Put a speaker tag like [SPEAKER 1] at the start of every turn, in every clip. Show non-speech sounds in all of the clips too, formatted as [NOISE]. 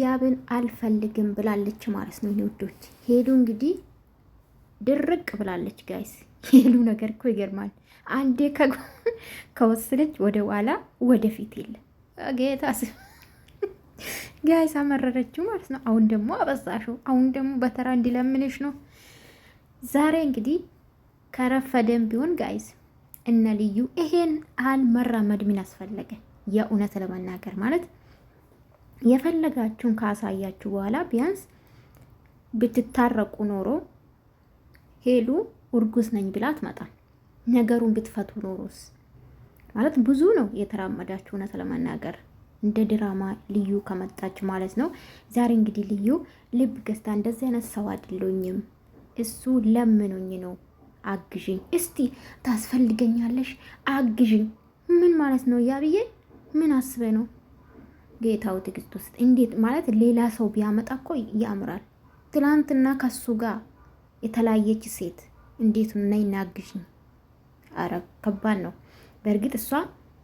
[SPEAKER 1] ያብን አልፈልግም ብላለች ማለት ነው። ውዶች ሄሉ እንግዲህ ድርቅ ብላለች። ጋይስ [LAUGHS] ሄሉ ነገር እኮ ይገርማል። አንዴ [LAUGHS] ከወሰነች ወደ ኋላ ወደፊት የለ ጌታ [LAUGHS] ጋይስ አመረረችው ማለት ነው። አሁን ደግሞ አበዛሽው። አሁን ደግሞ በተራ እንዲለምንሽ ነው። ዛሬ እንግዲህ ከረፈደን ቢሆን ጋይስ እነ ልዩ ይሄን አልመራመድ ምን አስፈለገ? የእውነት ለመናገር ማለት የፈለጋችሁን ካሳያችሁ በኋላ ቢያንስ ብትታረቁ ኖሮ ሄሉ እርጉዝ ነኝ ብላ አትመጣም። ነገሩን ብትፈቱ ኖሮስ ማለት ብዙ ነው የተራመዳችሁ። እውነት ለመናገር እንደ ድራማ ልዩ ከመጣች ማለት ነው። ዛሬ እንግዲህ ልዩ ልብ ገዝታ እንደዚህ አይነት ሰው አይደለኝም፣ እሱ ለምኖኝ ነው አግዥኝ፣ እስቲ ታስፈልገኛለሽ፣ አግዥኝ። ምን ማለት ነው? ያብዬ ምን አስበ ነው ጌታው ትግስት ውስጥ እንዴት ማለት ሌላ ሰው ቢያመጣ እኮ ያምራል። ትላንትና ከሱ ጋር የተለያየች ሴት እንዴት ና ይናግሽኝ? አረ ከባድ ነው። በእርግጥ እሷ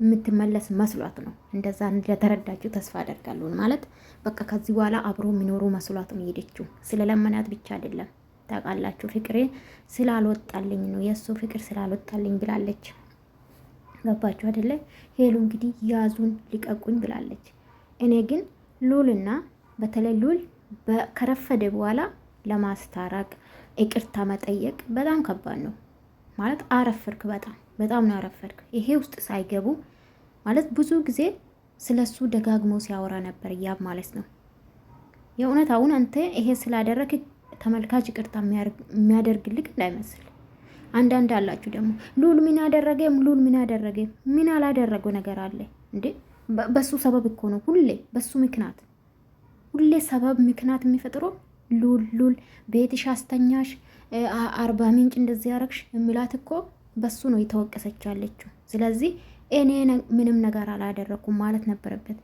[SPEAKER 1] የምትመለስ መስሏት ነው እንደዛ እንደተረዳችሁ ተስፋ አደርጋለሁ። ማለት በቃ ከዚህ በኋላ አብሮ የሚኖሩ መስሏት ነው የሄደችው። ስለ ለመናት ብቻ አይደለም ታውቃላችሁ፣ ፍቅሬ ስላልወጣልኝ ነው የእሱ ፍቅር ስላልወጣልኝ ብላለች። ገባችሁ አይደለ? ሄሉ እንግዲህ ያዙን ሊቀቁኝ ብላለች። እኔ ግን ሉልና በተለይ ሉል ከረፈደ በኋላ ለማስታረቅ ይቅርታ መጠየቅ በጣም ከባድ ነው። ማለት አረፈርክ፣ በጣም በጣም ነው አረፈርክ። ይሄ ውስጥ ሳይገቡ ማለት ብዙ ጊዜ ስለሱ ደጋግሞ ሲያወራ ነበር፣ ያብ ማለት ነው። የእውነት አሁን አንተ ይሄ ስላደረክ ተመልካች ይቅርታ የሚያደርግልክ እንዳይመስል። አንዳንድ አላችሁ ደግሞ ሉል ምን አደረገ፣ ሉል ምን አደረገ፣ ምን አላደረገው ነገር አለ እንዴ? በሱ ሰበብ እኮ ነው ሁሌ በሱ ምክንያት ሁሌ ሰበብ ምክንያት የሚፈጥረው ሉል ሉል ቤትሽ አስተኛሽ አርባ ምንጭ እንደዚህ ያረግሽ የሚላት እኮ በሱ ነው የተወቀሰች ያለችው። ስለዚህ እኔ ምንም ነገር አላደረኩም ማለት ነበረበት።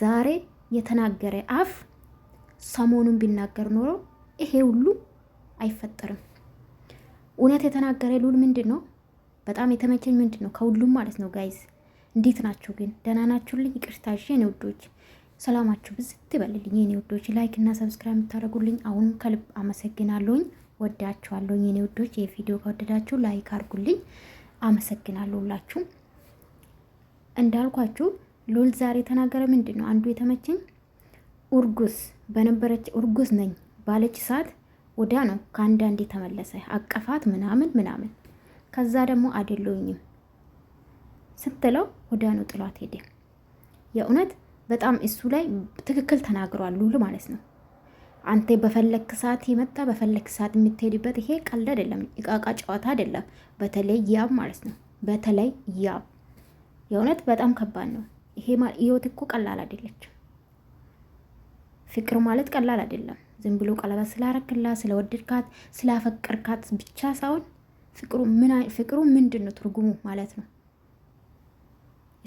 [SPEAKER 1] ዛሬ የተናገረ አፍ ሰሞኑን ቢናገር ኖሮ ይሄ ሁሉ አይፈጠርም። እውነት የተናገረ ሉል ምንድን ነው በጣም የተመቸኝ ምንድን ነው ከሁሉም ማለት ነው ጋይዝ እንዴት ናችሁ ግን? ደህና ናችሁልኝ? ይቅርታ የኔ ውዶች ሰላማችሁ ብዝ ትበልልኝ። የኔ ውዶች። ላይክ እና ሰብስክራይብ የምታደርጉልኝ አሁን ከልብ አመሰግናለሁኝ። ወዳችኋለሁኝ የኔ ውዶች። ቪዲዮ ከወደዳችሁ ላይክ አድርጉልኝ። አመሰግናለሁላችሁ። እንዳልኳችሁ ሉል ዛሬ ተናገረ። ምንድን ነው አንዱ የተመቸኝ ኡርጉስ በነበረች ኡርጉስ ነኝ ባለች ሰዓት ወዲያ ነው ከአንዳንድ የተመለሰ አቀፋት ምናምን ምናምን። ከዛ ደግሞ አይደለሁኝም ስትለው ወዲያኑ ጥሏት ሄደ። የእውነት በጣም እሱ ላይ ትክክል ተናግሯል ሉል ማለት ነው። አንተ በፈለክ ሰዓት የመጣ በፈለክ ሰዓት የምትሄድበት ይሄ ቀልድ አይደለም፣ እቃቃ ጨዋታ አይደለም። በተለይ ያብ ማለት ነው። በተለይ ያብ የእውነት በጣም ከባድ ነው። ይሄ ህይወት እኮ ቀላል አይደለች። ፍቅር ማለት ቀላል አይደለም። ዝም ብሎ ቀለበት ስላረክላ ስለወደድካት፣ ስላፈቀርካት ብቻ ሳይሆን ፍቅሩ ምንድን ነው ትርጉሙ ማለት ነው።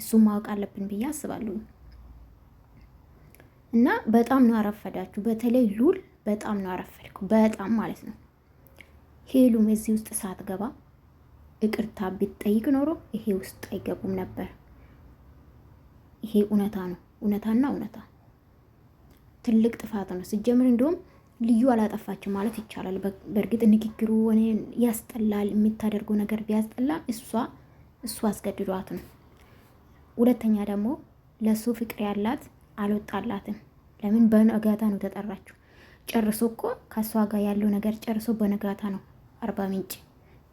[SPEAKER 1] እሱን ማወቅ አለብን ብዬ አስባለሁ። እና በጣም ነው አረፈዳችሁ። በተለይ ሉል በጣም ነው አረፈድኩ፣ በጣም ማለት ነው። ሄሉም እዚህ ውስጥ ሳትገባ ይቅርታ ቢጠይቅ ኖሮ ይሄ ውስጥ አይገቡም ነበር። ይሄ እውነታ ነው፣ እውነታና እውነታ ትልቅ ጥፋት ነው። ስጀምር እንዲሁም ልዩ አላጠፋችም ማለት ይቻላል። በእርግጥ ንግግሩ ሆነ ያስጠላል፣ የሚታደርገው ነገር ቢያስጠላም እሷ እሱ አስገድዷት ነው። ሁለተኛ ደግሞ ለሱ ፍቅር ያላት አልወጣላትም። ለምን በነጋታ ነው ተጠራችሁ። ጨርሶ እኮ ከእሷ ጋር ያለው ነገር ጨርሶ በነጋታ ነው አርባ ምንጭ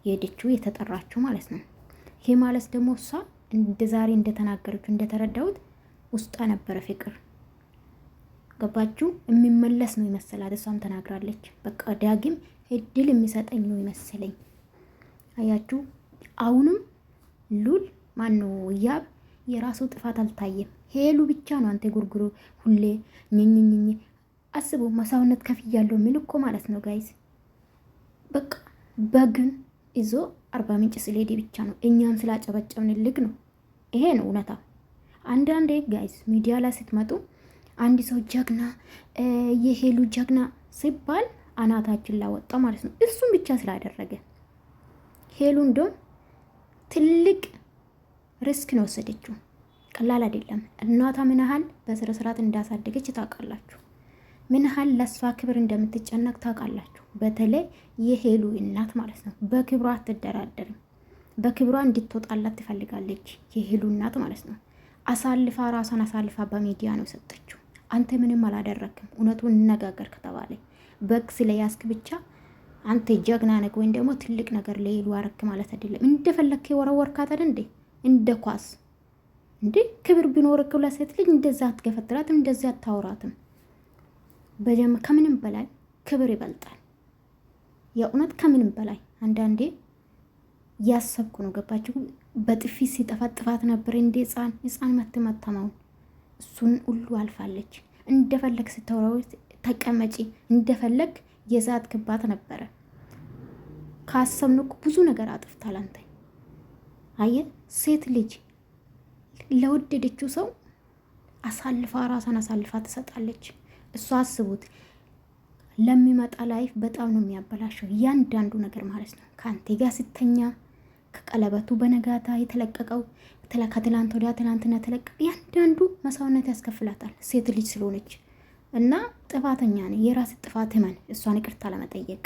[SPEAKER 1] የሄደችው የተጠራችሁ ማለት ነው። ይሄ ማለት ደግሞ እሷ እንደ ዛሬ እንደተናገረች እንደተረዳሁት ውስጣ ነበረ ፍቅር ገባችሁ። የሚመለስ ነው ይመሰላት። እሷም ተናግራለች። በቃ ዳግም እድል የሚሰጠኝ ነው ይመስለኝ። አያችሁ አሁንም ሉል ማን ነው እያብ የራሱ ጥፋት አልታየም። ሄሉ ብቻ ነው አንተ ጉርጉሩ ሁሌ ኝኝኝኝ አስቡ። መሳውነት ከፍ ያለው የሚል እኮ ማለት ነው ጋይዝ። በቃ በግን ይዞ አርባ ምንጭ ስለሄደ ብቻ ነው እኛም ልግ ነው። ይሄ ነው እውነታ። አንዳንዴ ጋይዝ ሚዲያ ላይ ስትመጡ አንድ ሰው ጀግና የሄሉ ጀግና ሲባል አናታችን ላወጣ ማለት ነው። እሱም ብቻ ስላደረገ ሄሉ እንደውም ትልቅ ሪስክ ነው ወሰደችው። ቀላል አይደለም። እናቷ ምን ያህል በስነ ስርዓት እንዳሳደገች ታውቃላችሁ። ምን ያህል ለእሷ ክብር እንደምትጨነቅ ታውቃላችሁ። በተለይ የሄሉ እናት ማለት ነው። በክብሯ አትደራደርም። በክብሯ እንድትወጣላት ትፈልጋለች። የሄሉ እናት ማለት ነው። አሳልፋ ራሷን አሳልፋ በሚዲያ ነው የሰጠችው። አንተ ምንም አላደረክም፣ እውነቱን እነጋገር ከተባለ በግ ስለያዝክ ብቻ አንተ ጀግና ነገ ወይም ደግሞ ትልቅ ነገር ለሄሉ አረክ ማለት አይደለም። እንደፈለግከ የወረወርካት አይደል እንዴ? እንደ ኳስ እንዴ ክብር ቢኖር እኮ ለሴት ልጅ እንደዛ አትገፈትራትም፣ እንደዚ አታውራትም። በደም ከምንም በላይ ክብር ይበልጣል። የእውነት ከምንም በላይ አንዳንዴ ያሰብኩ ነው። ገባችሁ? በጥፊ ሲጠፋ ጥፋት ነበር እንዴ ህፃን ህፃን መትመተማውን እሱን ሁሉ አልፋለች። እንደፈለግ ስታወራው ተቀመጪ እንደፈለግ የዛት ክባት ነበረ። ካሰብንኩ ብዙ ነገር አጥፍታል አንተ አየ ሴት ልጅ ለወደደችው ሰው አሳልፋ ራሷን አሳልፋ ትሰጣለች። እሷ አስቡት ለሚመጣ ላይፍ በጣም ነው የሚያበላሸው እያንዳንዱ ነገር ማለት ነው። ከአንቴ ጋር ስተኛ ከቀለበቱ በነጋታ የተለቀቀው ከትላንት ወዲያ ትላንትና የተለቀቀ እያንዳንዱ መስዋዕትነት ያስከፍላታል ሴት ልጅ ስለሆነች እና ጥፋተኛ ነው። የራስ ጥፋት ህመን እሷን ይቅርታ ለመጠየቅ